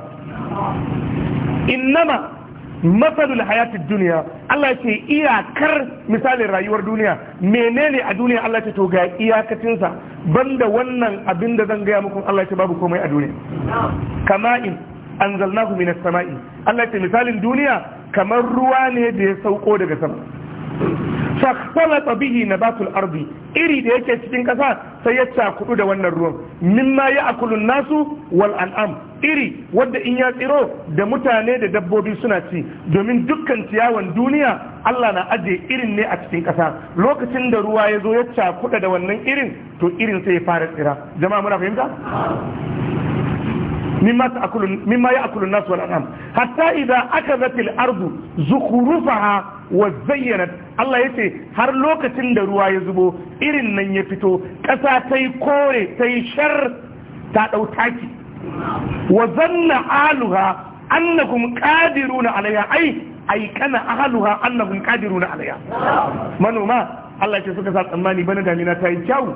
innama masalul hayatid duniya Allah ce iyakar misalin rayuwar duniya menene a duniya Allah ce to ga iyakacinsa banda wannan abin da zan gaya muku Allah ce babu komai a duniya kama'in anzalnahu minas sama'i Allah ce misalin duniya kamar ruwa ne da ya sauko daga sama faksalata na batul arzi iri da yake cikin kasa sai ya cakudu da wannan ruwan mimma ya akulun nasu wal an'am iri wadda in ya tsiro da mutane da dabbobi suna ci domin dukkan ciyawan duniya Allah na ajiye irin ne a cikin ƙasa lokacin da ruwa ya zo ya cakuɗa da wannan irin to irin sai ya fara tsira jama'a muna fahimta mimma ya akulu nasu wal an'am hatta idza al ardu zukhrufaha wa zayyanat Allah yace har lokacin da ruwa ya zubo irin nan ya fito ƙasa tai kore tai shar ta ɗau wa zanna aluha annakum qadiruna alayha ai ai kana ahaluha annakum qadiruna alayha manoma Allah ce suka sa tsammani bana damina ta yi kyau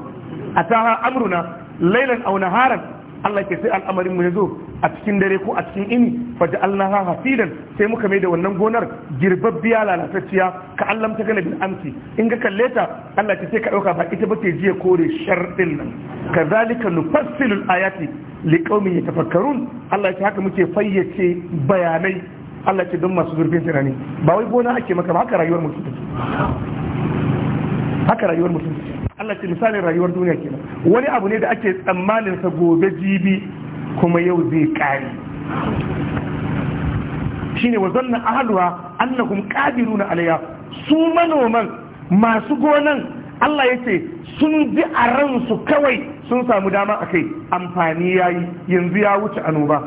a taha amruna lailan aw naharan Allah ke sai al'amarin mu ya zo a cikin dare ko a cikin ini faja Allah hasidan sai muka mai da wannan gonar girbabbiya lalatacciya ka Allah ta gana bil amsi in ka kalle ta Allah ta sai ka dauka ba ita ba ke jiya kore sharɗin nan kazalika nufassilul ayati liƙaumin ya tafakkarun Allah ya ce haka muke fayyace bayanai Allah ce don masu zurfin tunani ba wai gona ake maka ba haka rayuwar mutum take haka rayuwar mutum take Allah ce misalin rayuwar duniya kenan wani abu ne da ake tsammanin sa gobe jibi kuma yau zai kare shine wa zanna ahluha annahum qadiruna alayya su manoman masu gonan Allah ya ce sun ji a ransu kawai sun samu dama a kai amfani ya yi yanzu ya wuce annoba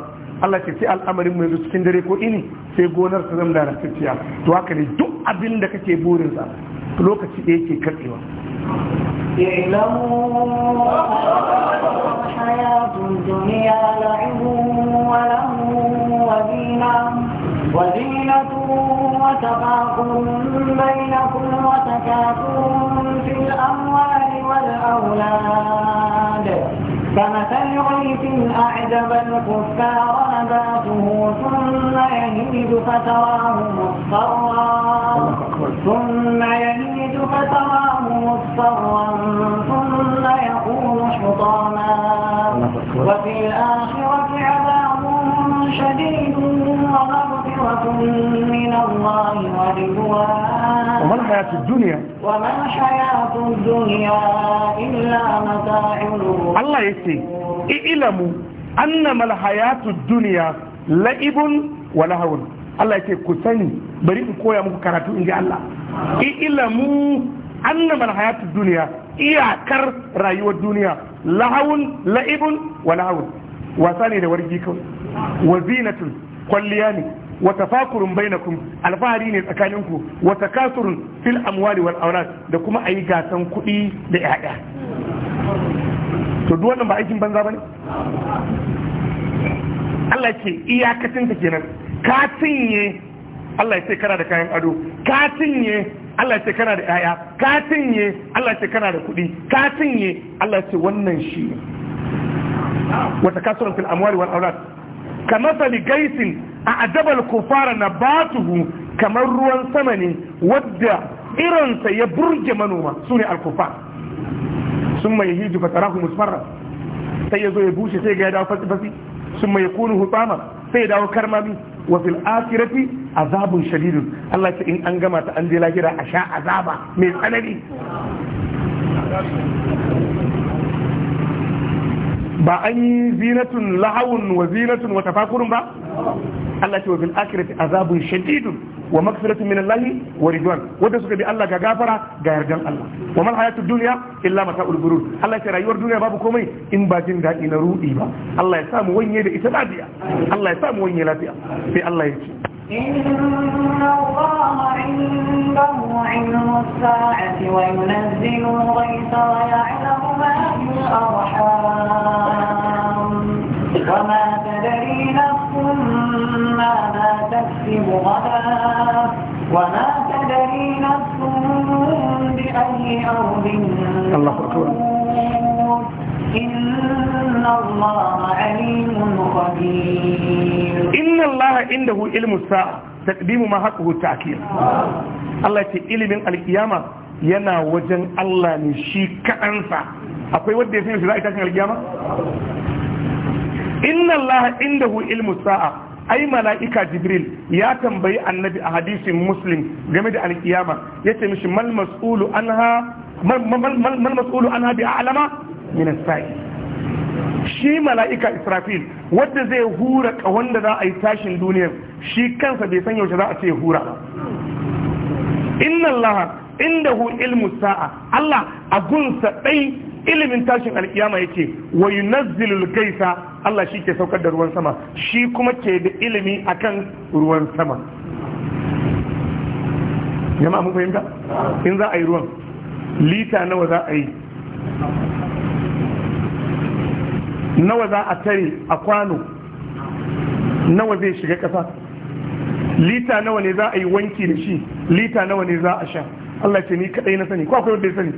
Allah ce sai al'amarin mai yanzu cikin dare ko ini sai gonar ta zama lalatacciya to haka ne duk abin da kake burinsa lokaci da yake katsewa وزينة بينكم وتكاثر في الأموال والأولاد كمثل غيث أعجب الكفار نباته ثم يهيد فتراه مصفرا ثم يهيد فتراه مصفرا ثم يقول حطاما وفي الآخرة عذاب شديد وغضب مغفرة من الله ورضوان وما الحياة الدنيا وما الحياة الدنيا إلا متاع الله يسي اعلموا أنما الحياة الدنيا لعب ولهو Allah yake ku sani bari in koya muku karatu in ji Allah i ilamu annamal hayatud duniya iyakar rayuwar duniya lahawun la'ibun wa lahawun wasa ne da wargi kawai wa zinatun kwalliya ne wa tafakurun bainakum alfahari ne tsakaninku wata takasurun fil amwali wal aurat da kuma ayi gasan kuɗi da ƴaƴa to duk wannan ba aikin banza bane Allah ce iyakacin ta kenan ka cinye Allah ya ce kana da kayan ado ka cinye Allah ce kana da ƴaƴa ka cinye Allah ce kana da kuɗi ka cinye Allah ce wannan shi ne wata kasuwar fil amwali wal aurat kamar sali gaisin a adabal kufara na batuhu kamar ruwan sama ne wadda irinsa ya burge manoma su ne alkufa sun mai hiju fa tarahu musfarra sai ya zo ya bushe sai ga ya dawo fasifasi sun mai kunu hutama sai ya dawo karmami wa fil akhirati azabun shadidun Allah ce in an gama ta an je lahira a sha azaba mai tsanani ba an yi zinatun lahawun wa zinatun wa tafakurun ba التي وفي الآخرة أذاب شديد ومغفرة من الله ورضوان وده سكبي الله كغافرة غير جان الله وما الحياة الدنيا إلا متاع الغرور الله يسير أيور الدنيا بابو كومي إن باجين ده إن با الله يسام وين يدي إتبادية الله يسام وين يلاتي في الله يجي إن الله عنده علم الساعة وينزل الغيث ويعلم ما في الأرحام وما تدري نفسه عما ما تكسب غدا وما تدري نفس بأي أرض الله أكبر إن الله عليم خبير Allah ce ilimin alkiyama yana wajen Allah ne shi kaɗansa akwai wadda ya sanya shi za a tashin alkiyama? inna Allah indahu ilmu sa'a ai mala'ika jibril ya tambayi annabi a hadisin muslim game da alkiyama ya ce mishi mal mas'ulu anha bi a'lama min sai shi mala'ika israfil wanda zai hura kawon da za a yi tashin duniyar shi kansa bai san yaushe za a ce hura ba inna allaha indahu ilmu sa'a allah a gunsa dai ilimin tashin alkiyama yake wa yunazzilul gaisa Allah shi ke saukar da ruwan sama shi kuma ke da ilimi akan ruwan sama jama'a mun fahimta in za a yi ruwan lita nawa za a yi nawa za a tare a kwano nawa zai shiga ƙasa lita nawa ne za a yi wanki da shi lita nawa ne za a sha Allah ce ni kadai na sani ko akwai wanda ya sani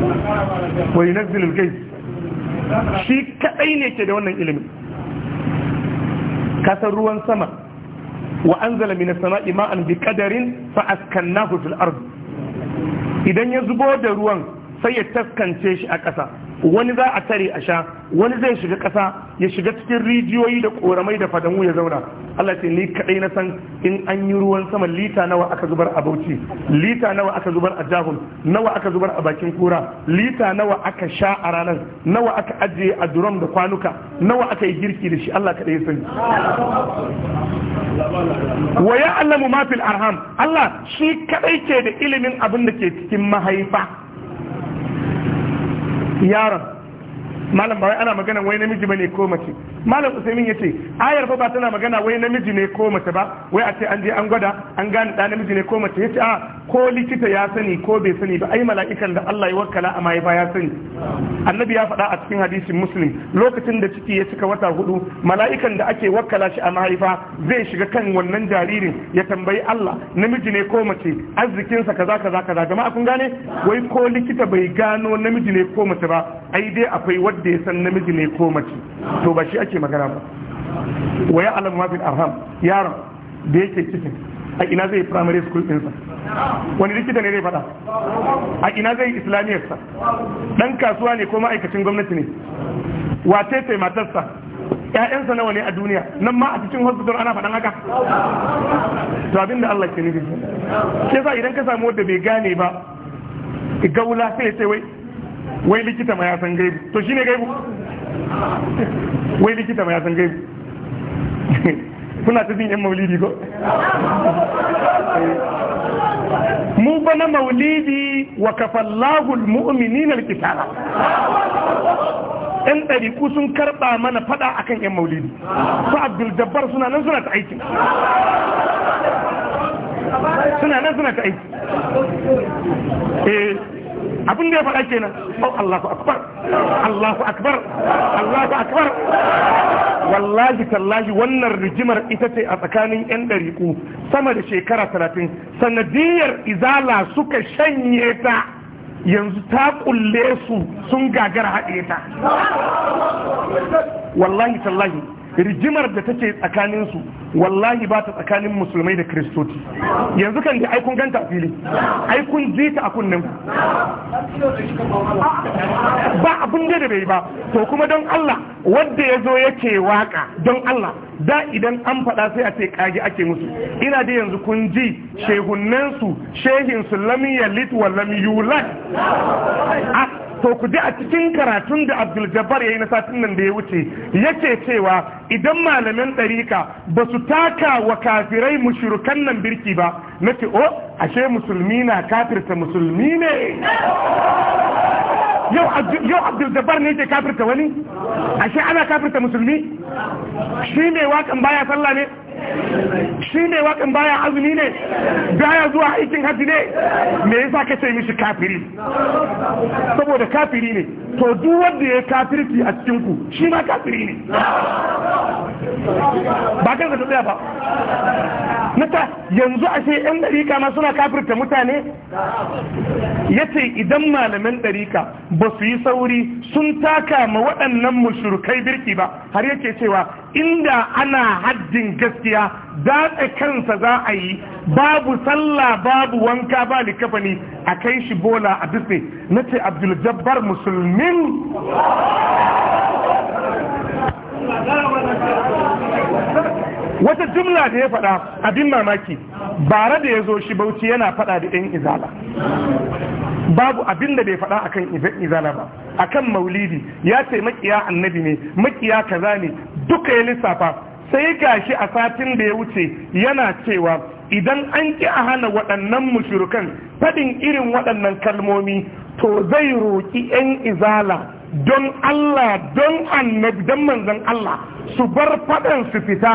wa na al shi kadai ne ke da wannan ilimin kasar ruwan sama wa anzala min as-sama'i ma'an bi qadarin fa askannahu fil ard idan ya zubo da ruwan sai ya taskance shi a ƙasa wani za a tare a sha wani zai shiga ƙasa ya shiga cikin rijiyoyi da koramai da fadamu ya zauna Allah ce ni kadai na san in an yi ruwan sama lita nawa aka zubar a Bauchi lita nawa aka zubar a Jahun nawa aka zubar a bakin kura lita nawa aka sha a ranar nawa aka ajiye a duram da kwanuka nawa aka yi girki da shi Allah kaɗai ya sani wa ya'lamu ma fil arham Allah shi kadai ke da ilimin abin da ke cikin mahaifa yaron malam ba wai ana magana wai namiji bane ko mace malam usaimin yace ayar fa ba tana magana wai namiji ne ko mace ba wai a ce an je an gwada an gane da namiji ne ko mace yace a ah, ko likita ya sani ko bai sani ba ai mala'ikan da Allah ya wakkala a mahaifa ya sani annabi ya faɗa a cikin hadisin muslim lokacin da ciki ya cika wata hudu mala'ikan da ake wakala shi a mahaifa zai shiga kan wannan jaririn ya tambayi Allah namiji ne ko mace arzikinsa kaza kaza kaza jama'a kun gane wai ko likita bai gano namiji ne ko mace ba ai dai akwai wanda ya san namiji ne ko mace to ba shi ake magana ba wa ya alamu mafi arham yaron da yake cikin a ina zai primary school ɗinsa wani likita ne zai faɗa a ina zai islamiyarsa ɗan kasuwa ne ko ma'aikacin gwamnati ne wace tefe matarsa Ya'yansa nawa ne a duniya nan ma a cikin hospital ana faɗan haka to abinda Allah ke nufi ke sa idan ka samu wanda bai gane ba gaula sai sai wai wai likita ma ya san gaibi, to shine gaibi? wai likita ma ya san gaibi? kuna ta jin yan maulidi ko mu ba na maulidi wa kafallahu almu'minina alqitala yan ɗari sun karɓa mana faɗa akan yan maulidi su abdul jabbar suna nan suna ta aiki suna nan suna ta aiki eh, abin da ya faɗa kenan oh Allahu akbar Allahu akbar Allahu akbar wallahi tallahi wannan rigimar ita ce a tsakanin yan ɗariƙu sama da shekara talatin sanadiyar izala suka shanye ta yanzu ta kulle su sun gagara haɗe ta wallahi tallahi rigimar da take tsakanin su wallahi ba ta tsakanin musulmai da kristoci yanzu kan da ai kun ganta fili ai kun a kunnen ba abin da bai ba to kuma don Allah wanda ya zo yake waka don Allah da idan an faɗa sai a ce kage ake musu ina da yanzu kun ji su shehin su lam yalit wa lam yulad a to ku ji a cikin karatun da abdul jabbar ya yi na satin nan da ya wuce yake cewa idan malamin ɗarika ba su taka wa kafirai mushrikan nan birki ba na ce o oh, ashe musulmi na kafirta musulmi ne yau abdul jabbar ne ke kafirta wani ashe ana kafirta musulmi shi ne wakan baya sallah ne shi ne wakan baya azumi ne baya zuwa aikin hajji ne me yasa kace mishi kafiri saboda kafiri ne to duk wanda ya kafirci a cikinku ku shi ma kafiri ne ba kanka ta tsaya ba nata yanzu a ce yan ɗarika ma suna kafirta mutane ya ce idan malaman ɗarika ba su yi sauri sun taka ma waɗannan mushrikai birki ba har yake cewa inda ana haddin gaskiya datsa kansa za a yi babu sallah babu wanka ba likafani a kai shi bola a dutse na ce abdul jabbar musulmi wata jumla da ya faɗa abin mamaki bare da ya zo shi bauchi yana faɗa da 'yan izala babu abin da bai faɗa akan izala ba akan maulidi ya ce makiya annabi ne makiya kaza ne duka ya lissafa sai gashi a satin da ya wuce yana cewa idan an ki a hana waɗannan mushrikan faɗin irin waɗannan kalmomi to zai roƙi 'yan izala don Allah don annabi don manzon Allah su bar faɗan su fita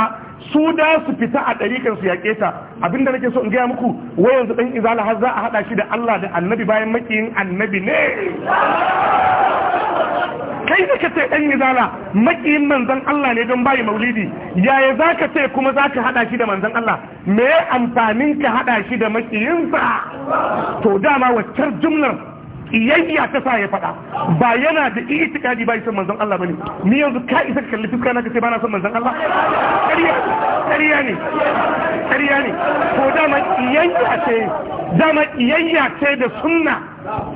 su da su fita a ɗarikan su yaƙe ta abinda nake so in gaya muku wai yanzu ɗan izala har za a haɗa shi da Allah da annabi bayan makiyin annabi ne kai da ka ce ɗan izala makiyin manzan Allah ne don bayi maulidi yaya za ka ce kuma za ka haɗa shi da manzan Allah me amfanin ka haɗa shi da makiyinsa to dama waccar jumlar iyayya ta sa ya faɗa ba yana da itikadi ba son manzan Allah bane ni yanzu ka isa ka kalli fuska na ce ba na son manzan Allah ƙarya ne ƙarya ne ko dama iyayya ce dama iyayya ce da sunna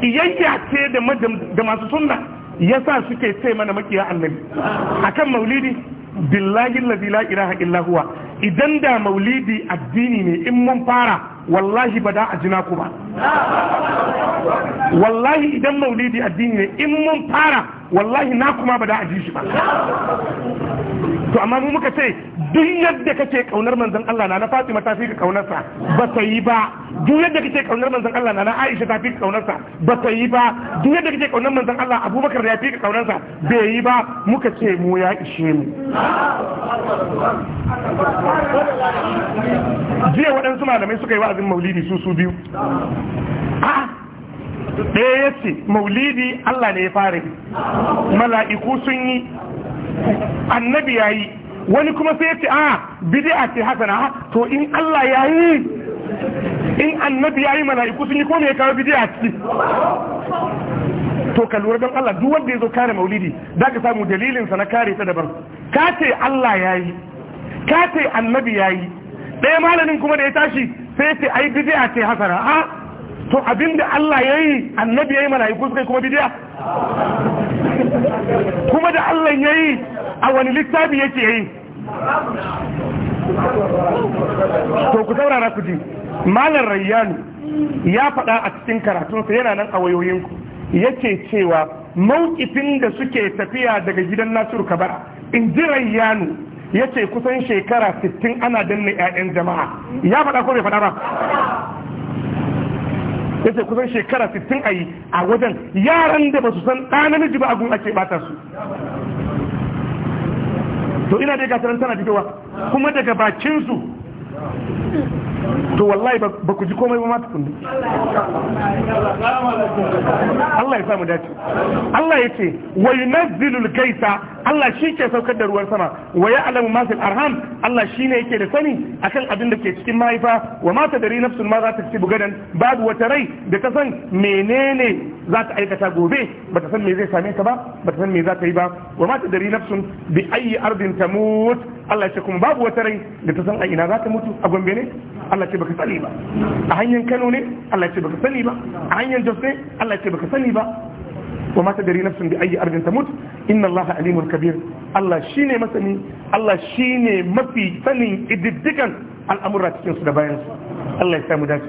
iyayya ce da masu sunna yasa suke ce mana makiya annabi akan maulidi billahi allazi la ilaha illa huwa idan da maulidi addini ne in mun fara wallahi ba da a jina ku ba wallahi idan maulidi addini ne in mun fara wallahi na kuma ba da a ji shi ba to amma mu muka ce duk yadda kake kaunar manzon Allah na na Fatima ta fi ka kaunarsa ba ta yi ba duk yadda kake kaunar manzon Allah na na Aisha ta fi ka kaunarsa ba ta yi ba duk yadda kake kaunar manzon Allah Abubakar ya fi ka kaunarsa bai yi ba muka ce mu ya ishe mu jiya waɗansu malamai suka yi wa'azin maulidi su su biyu ɗaya ya ce maulidi Allah ne ya fara yi mala'iku sun yi annabi ya yi wani kuma sai ya ce a ah, bid'a ce hasana ah, to in Allah ya yi in annabi ya yi mala'iku sun yi ko mai ya kawo a ce to ka lura don Allah duk wanda ya zo kare maulidi da ka samu dalilinsa na kare ta daban ka ce Allah ya yi ka ce annabi ya yi ɗaya malamin kuma da ya tashi sai ce ai a ce hasana a ah, to abinda Allah ya yi annabi ya yi mala'iku suka yi kuma bidiya kuma da Allah ya yi a wani littafi yake yi to ku saurara ku ji malar rayyanu ya faɗa a cikin karatunsa yana nan a wayoyinku yake cewa mawukifin da suke tafiya daga gidan nasiru kabara in ji rayyanu ya ce kusan shekara 60 ana danna 'ya'yan jama'a ya faɗa ko bai faɗa ba ya ce kusan shekara 60 a yi a wajen yaran da ba su san ɗa namiji ba abun ake bata su to ina dai gasarar tana fitowa kuma daga bakin su. to wallahi ba ku ji komai ba ma da Allah ya samu dace Allah ya ce wa yunazzilul gaisa Allah shi ke saukar da ruwan sama wa ya'lamu ma fil arham Allah shi ne yake da sani akan abin da ke cikin mahaifa wa ma tadri nafsun ma za ta ci bugadan babu wata rai da ta san menene za ta aikata gobe ba ta san me zai same ta ba ba ta san me za ta yi ba wa ma tadri nafsun bi ayi ardin tamut Allah ya ce kuma babu wata rai da ta san a ina za ta mutu a gombe ne Allah ce baka sani ba a hanyar Kano ne Allah ce baka sani ba a hanyar Jos ne Allah ce baka sani ba wa ma tadri nafsun bi ayi ardin tamut inna Allah alimul kabir Allah shine masani Allah shine mafi sanin ididdigan al'amura cikin su da bayan su Allah ya samu dace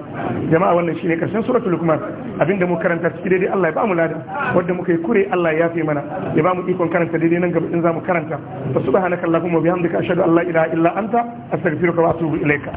jama'a wannan shine karshen suratul lukman abinda mu karanta cikin daidai Allah ya ba mu lada wanda muka yi kure Allah ya yafe mana ya ba mu ikon karanta daidai nan gaba in zamu karanta fa subhanaka allahumma bihamdika ashhadu an la ilaha illa anta astaghfiruka wa atubu ilaika